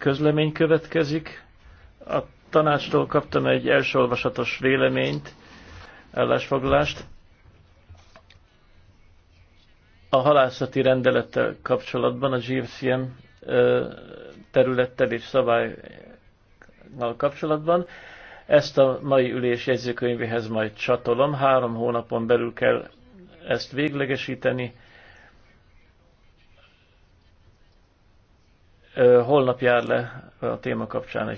közlemény következik. A tanácstól kaptam egy első olvasatos véleményt, ellásfoglalást. A halászati rendelettel kapcsolatban, a GFCM területtel és szabálynal kapcsolatban. Ezt a mai ülés jegyzőkönyvéhez majd csatolom. Három hónapon belül kell ezt véglegesíteni. Holnap jár le a téma kapcsán egy